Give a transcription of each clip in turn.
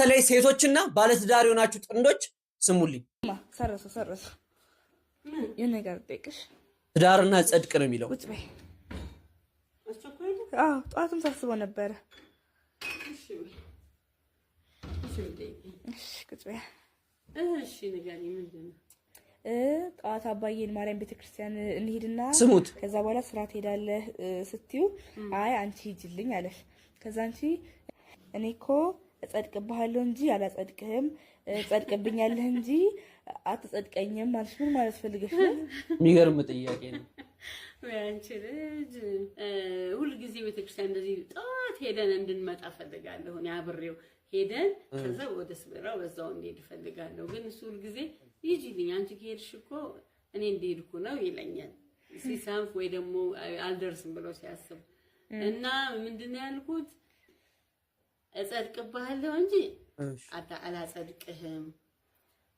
በተለይ ሴቶችና ባለትዳር የሆናችሁ ጥንዶች ስሙልኝ። ሰረሰ ሰረሰ የነገር ትዳርና ጽድቅ ነው የሚለው። አዎ ጠዋትም ነበረ። ጠዋት አባዬን ማርያም ቤተክርስቲያን እንሄድና ስሙት፣ ከዛ በኋላ ስራ ትሄዳለህ ስትዩ አይ አንቺ ሂጂልኝ አለሽ። ከዛ አንቺ እኔ እኮ እጸድቅብሃለሁ እንጂ አላጸድቅህም፣ ጸድቅብኛለህ እንጂ አትጸድቀኝም ማለት ምን ማለት ፈልገሽ ነው? የሚገርም ጥያቄ ነው። አንቺ ልጅ ሁልጊዜ ቤተክርስቲያን እንደዚህ ጠዋት ሄደን እንድንመጣ ፈልጋለሁ። እኔ አብሬው ሄደን ከዛ ወደ ስብራ በዛው እንሄድ ፈልጋለሁ። ግን እሱ ሁልጊዜ ይጂልኝ አንቺ ከሄድሽ እኮ እኔ እንደሄድኩ ነው ይለኛል ሲሳንፍ ወይ ደግሞ አልደርስም ብሎ ሲያስብ እና ምንድን ነው ያልኩት እጸድቅብሃለሁ እንጂ አላጸድቅህም፣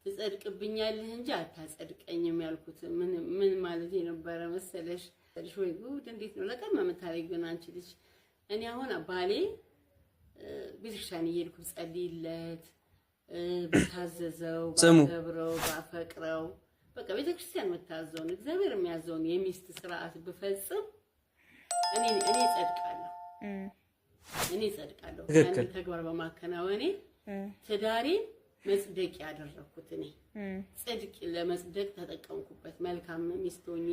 ትጸድቅብኛለህ እንጂ አታጸድቀኝም ያልኩት ምን ማለት የነበረ መሰለሽ? ወይ ጉድ! እንዴት ነው ለቀማ የምታደርጊውን አንቺ ልጅ። እኔ አሁን ባሌ ቤተክርስቲያን እየሄድኩ ጸልይለት ብታዘዘው ባከብረው ባፈቅረው በቃ ቤተክርስቲያን መታዘውን እግዚአብሔር የሚያዘውን የሚስት ስርዓት ብፈጽም እኔ እኔ እጸድቃለሁ። እኔ እጸድቃለሁ። ያንን ተግባር በማከናወኔ ትዳሬ መጽደቅ ያደረኩት እኔ ጽድቅ ለመጽደቅ ተጠቀምኩበት። መልካም ሚስት ሆኜ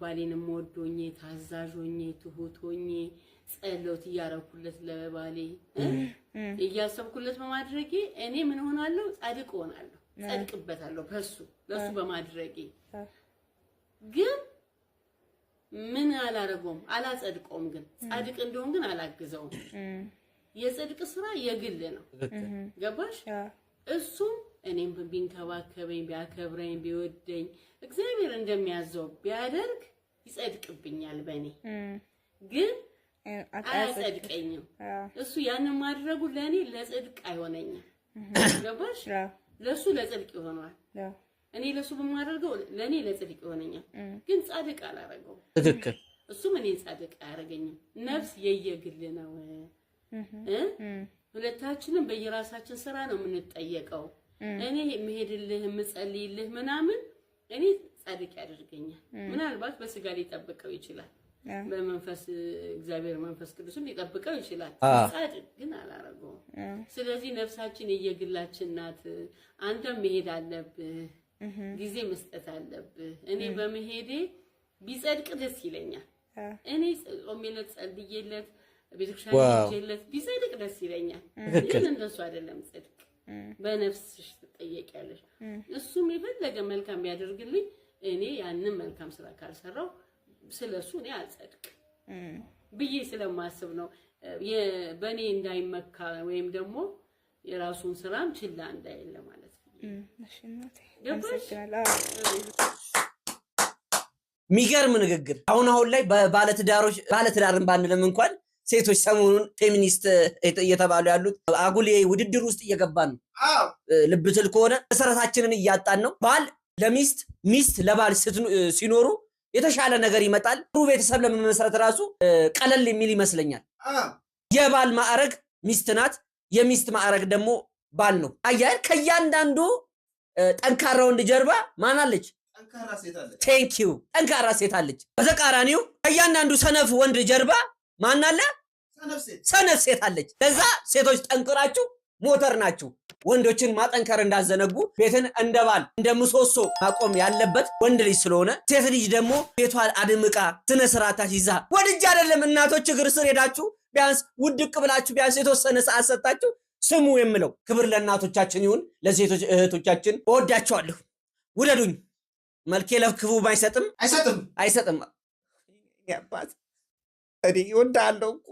ባሌንም ወዶኜ ታዛዦኜ ትሁቶኜ ጸሎት እያረኩለት ለባሌ እያሰብኩለት በማድረጌ እኔ ምን ሆናለሁ? ጻድቅ ሆናለሁ፣ ጸድቅበታለሁ በሱ ለሱ በማድረጌ ግን ምን አላረገውም፣ አላጸድቀውም። ግን ጻድቅ እንደሆን ግን አላግዘውም። የጽድቅ ስራ የግል ነው። ገባሽ? እሱም እኔም ቢንከባከበኝ ቢያከብረኝ ቢወደኝ እግዚአብሔር እንደሚያዘው ቢያደርግ ይጸድቅብኛል። በእኔ ግን አያጸድቀኝም። እሱ ያንን ማድረጉ ለእኔ ለጽድቅ አይሆነኝም። ገባሽ? ለእሱ ለጽድቅ ይሆነዋል። እኔ ለሱ በማደርገው ለእኔ ለጽድቅ ይሆነኛል፣ ግን ጻድቅ አላረገው። ትክክል። እሱም እኔ ጻድቅ አያደርገኝም። ነፍስ የየግል ነው። ሁለታችንም በየራሳችን ስራ ነው የምንጠየቀው። እኔ የምሄድልህ የምጸልይልህ ምናምን እኔ ጻድቅ ያደርገኛል። ምናልባት በስጋ ሊጠብቀው ይችላል፣ በመንፈስ እግዚአብሔር መንፈስ ቅዱስም ሊጠብቀው ይችላል። ጻድቅ ግን አላረገውም። ስለዚህ ነፍሳችን የየግላችን ናት። አንተም መሄድ አለብህ ጊዜ መስጠት አለብህ። እኔ በመሄዴ ቢጸድቅ ደስ ይለኛል። እኔ ጾሜለት ጸልዬለት ቤተክርስቲያን ሄጄለት ቢጸድቅ ደስ ይለኛል። ግን እንደሱ አይደለም ጽድቅ በነፍስሽ ትጠየቂያለሽ። እሱም የፈለገ መልካም ያደርግልኝ፣ እኔ ያንን መልካም ስራ ካልሰራው ስለ እሱ እኔ አልጸድቅ ብዬ ስለማስብ ነው። በእኔ እንዳይመካ ወይም ደግሞ የራሱን ስራም ችላ እንዳይል ማለት ነው። የሚገርም ንግግር። አሁን አሁን ላይ ባለትዳሮች ባለትዳርን ባንልም እንኳን ሴቶች ሰሞኑን ፌሚኒስት እየተባሉ ያሉት አጉሌ ውድድር ውስጥ እየገባን ነው። ልብ ትል ከሆነ መሰረታችንን እያጣን ነው። ባል ለሚስት ሚስት ለባል ሲኖሩ የተሻለ ነገር ይመጣል። ጥሩ ቤተሰብ ለመመስረት ራሱ ቀለል የሚል ይመስለኛል። የባል ማዕረግ ሚስት ናት። የሚስት ማዕረግ ደግሞ ባል ነው። አያየን? ከእያንዳንዱ ጠንካራ ወንድ ጀርባ ማን አለች? ጠንካራ ሴት አለች። በተቃራኒው ከእያንዳንዱ ሰነፍ ወንድ ጀርባ ማን አለ? ሰነፍ ሴት አለች። ለዛ ሴቶች ጠንክራችሁ ሞተር ናችሁ። ወንዶችን ማጠንከር እንዳዘነጉ ቤትን እንደ ባል እንደ ምሰሶ ማቆም ያለበት ወንድ ልጅ ስለሆነ ሴት ልጅ ደግሞ ቤቷን አድምቃ ስነ ስርዓት ይዛ ወድጅ አይደለም እናቶች እግር ስር ሄዳችሁ ቢያንስ ውድቅ ብላችሁ ቢያንስ የተወሰነ ሰዓት ሰጣችሁ ስሙ የምለው ክብር ለእናቶቻችን ይሁን፣ ለሴቶች እህቶቻችን እወዳቸዋለሁ። ውደዱኝ። መልኬ ለክቡብ አይሰጥም አይሰጥም አይሰጥም። ያባት እኔ እወድሃለሁ እኮ